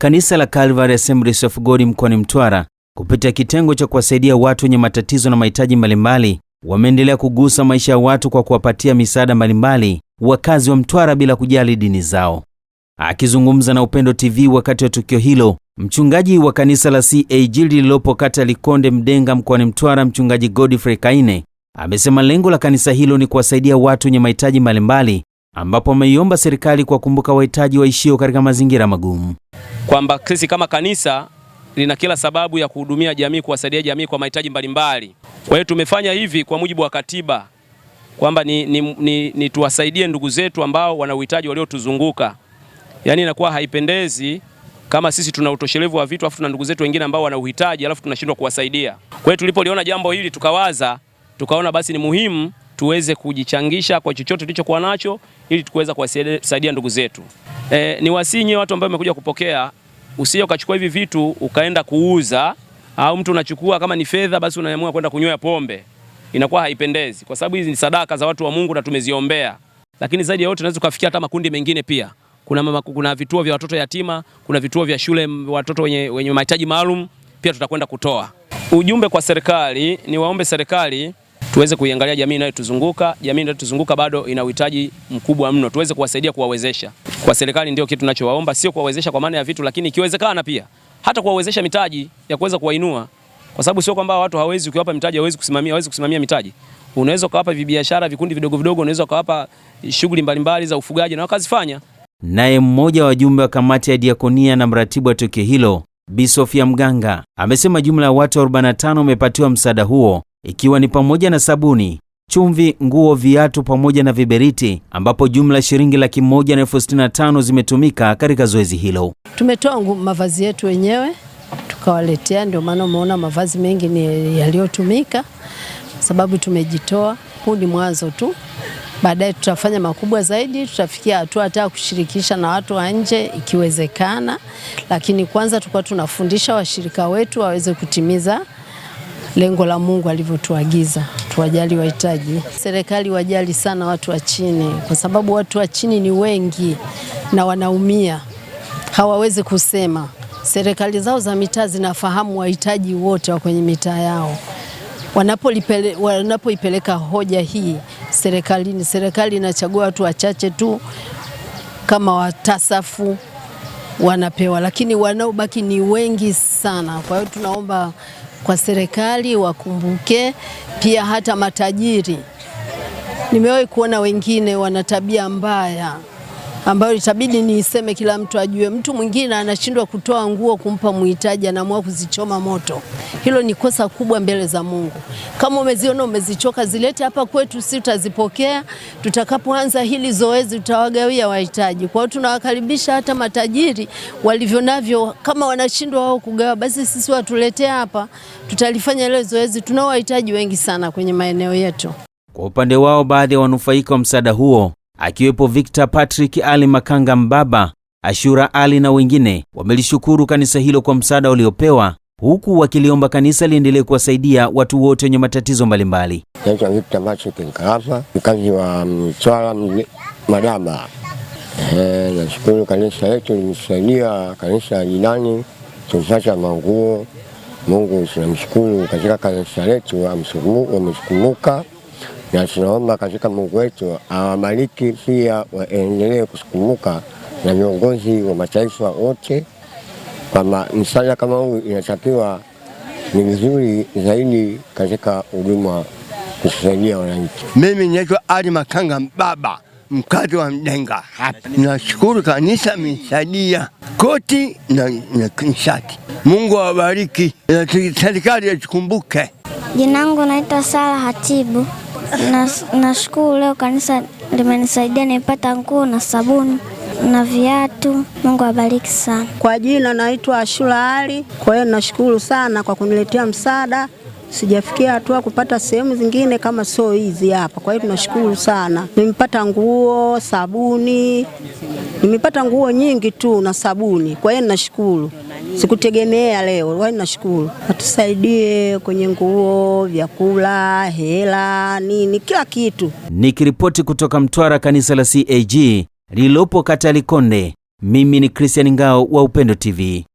kanisa la Calvary Assemblies of God mkoani Mtwara kupitia kitengo cha kuwasaidia watu wenye matatizo na mahitaji mbalimbali wameendelea kugusa maisha ya watu kwa kuwapatia misaada mbalimbali wakazi wa Mtwara bila kujali dini zao. Akizungumza na Upendo TV wakati wa tukio hilo, mchungaji wa kanisa la CAG lililopo kata Likonde Mdenga mkoani Mtwara, mchungaji Godfrey Kaine amesema lengo la kanisa hilo ni kuwasaidia watu wenye mahitaji mbalimbali, ambapo ameiomba serikali kuwakumbuka wahitaji waishio katika mazingira magumu kwamba sisi kama kanisa lina kila sababu ya kuhudumia jamii, kuwasaidia jamii kwa mahitaji mbalimbali. Kwa hiyo tumefanya hivi kwa mujibu wa katiba kwamba ni, ni, ni, ni tuwasaidie ndugu zetu ambao wana uhitaji waliotuzunguka. Yaani inakuwa haipendezi kama sisi tuna utoshelevu wa vitu afu tuna ndugu zetu wengine ambao wana uhitaji alafu tunashindwa kuwasaidia. Kwa hiyo tulipoliona jambo hili tukawaza, tukaona basi ni muhimu tuweze kujichangisha kwa chochote tulichokuwa nacho ili tuweze kuwasaidia ndugu zetu. E, ni wasinye watu ambao wamekuja kupokea usije ukachukua hivi vitu ukaenda kuuza, au mtu unachukua kama ni fedha, basi unaamua kwenda kunywea pombe, inakuwa haipendezi, kwa sababu hizi ni sadaka za watu wa Mungu na tumeziombea. Lakini zaidi ya yote, unaweza kufikia hata makundi mengine pia. Kuna, mama, kuna vituo vya watoto yatima, kuna vituo vya shule watoto wenye, wenye mahitaji maalum pia tutakwenda kutoa ujumbe kwa serikali. Niwaombe serikali tuweze kuiangalia jamii inayotuzunguka. Jamii inayotuzunguka bado ina uhitaji mkubwa mno, tuweze kuwasaidia, kuwawezesha. Kwa serikali ndio kitu tunachowaomba, sio kuwawezesha kwa maana ya vitu, lakini ikiwezekana pia hata kuwawezesha mitaji ya kuweza kuwainua, kwa sababu sio kwamba watu hawezi, Ukiwapa mitaji hawezi kusimamia, hawezi kusimamia mitaji. Unaweza ukawapa vibiashara, vikundi vidogo vidogo, unaweza ukawapa shughuli mbalimbali za ufugaji na wakazifanya. Naye mmoja wa wajumbe wa kamati ya diakonia na mratibu wa tukio hilo Bi Sofia Mganga amesema jumla ya watu 45 wamepatiwa msaada huo ikiwa ni pamoja na sabuni, chumvi, nguo, viatu pamoja na viberiti, ambapo jumla shilingi laki moja na elfu sitini na tano zimetumika katika zoezi hilo. Tumetoa mavazi yetu wenyewe tukawaletea, ndio maana umeona mavazi mengi ni yaliyotumika, sababu tumejitoa. Huu ni mwanzo tu, baadaye tutafanya makubwa zaidi, tutafikia hatua hata kushirikisha na watu wa nje ikiwezekana, lakini kwanza tulikuwa tunafundisha washirika wetu waweze kutimiza lengo la Mungu alivyotuagiza tuwajali wahitaji. Serikali wajali sana watu wa chini, kwa sababu watu wa chini ni wengi na wanaumia, hawawezi kusema. Serikali zao za mitaa zinafahamu wahitaji wote wa kwenye mitaa yao. Wanapoipeleka wanapo hoja hii serikalini, serikali inachagua watu wachache tu kama watasafu wanapewa, lakini wanaobaki ni wengi sana. Kwa hiyo tunaomba kwa serikali wakumbuke, pia hata matajiri. Nimewahi kuona wengine wana tabia mbaya ambayo itabidi niiseme kila mtu ajue. Mtu mwingine anashindwa kutoa nguo kumpa mhitaji, anaamua kuzichoma moto. Hilo ni kosa kubwa mbele za Mungu. Kama umeziona umezichoka, zilete hapa kwetu, si tutazipokea. Tutakapoanza hili zoezi, tutawagawia wahitaji. Kwa hiyo tunawakaribisha hata matajiri walivyo navyo, kama wanashindwa wao kugawa, basi sisi watuletea hapa, tutalifanya ile zoezi. Tunao wahitaji wengi sana kwenye maeneo yetu. Kwa upande wao, baadhi ya wanufaika wa msaada huo akiwepo Victor Patrick Ali Makanga Mbaba, Ashura Ali na wengine wamelishukuru kanisa hilo kwa msaada waliopewa huku wakiliomba kanisa liendelee kuwasaidia watu wote wenye matatizo mbalimbali. Naitwa Victor Patrick Nkaapa, mkazi wa Mtwara mm, mm, Madaba. Eh, nashukuru kanisa letu limesaidia kanisa ya jirani manguo. Mungu tunamshukuru katika kanisa letu, wametukumbuka na tunaomba katika Mungu wetu awabariki pia, waendelee kusukumuka na viongozi wa mataifa wote, kwamba msala kama huu inatakiwa ni vizuri zaidi katika huduma kusaidia wananchi. Mimi naitwa Ali Makanga Mbaba, mkazi wa Mdenga hapa. Nashukuru kanisa misadia koti na, na shati. Mungu awabariki, serikali ikumbuke. Jina langu naitwa Sara Hatibu. Nashukuru na leo kanisa limenisaidia nipata nguo na sabuni na viatu. Mungu abariki sana. Kwa jina naitwa Ashura Ali. Kwa hiyo nashukuru sana kwa kuniletea msaada, sijafikia hatua kupata sehemu zingine kama sio hizi hapa. Kwa hiyo tunashukuru sana, nimepata nguo, sabuni, nimepata nguo nyingi tu na sabuni. Kwa hiyo nashukuru. Sikutegemea leo wai, nashukuru. Atusaidie kwenye nguo, vyakula, hela, nini, kila kitu. Nikiripoti kutoka Mtwara, kanisa la CAG lililopo kata Likonde, mimi ni Christian Ngao wa Upendo TV.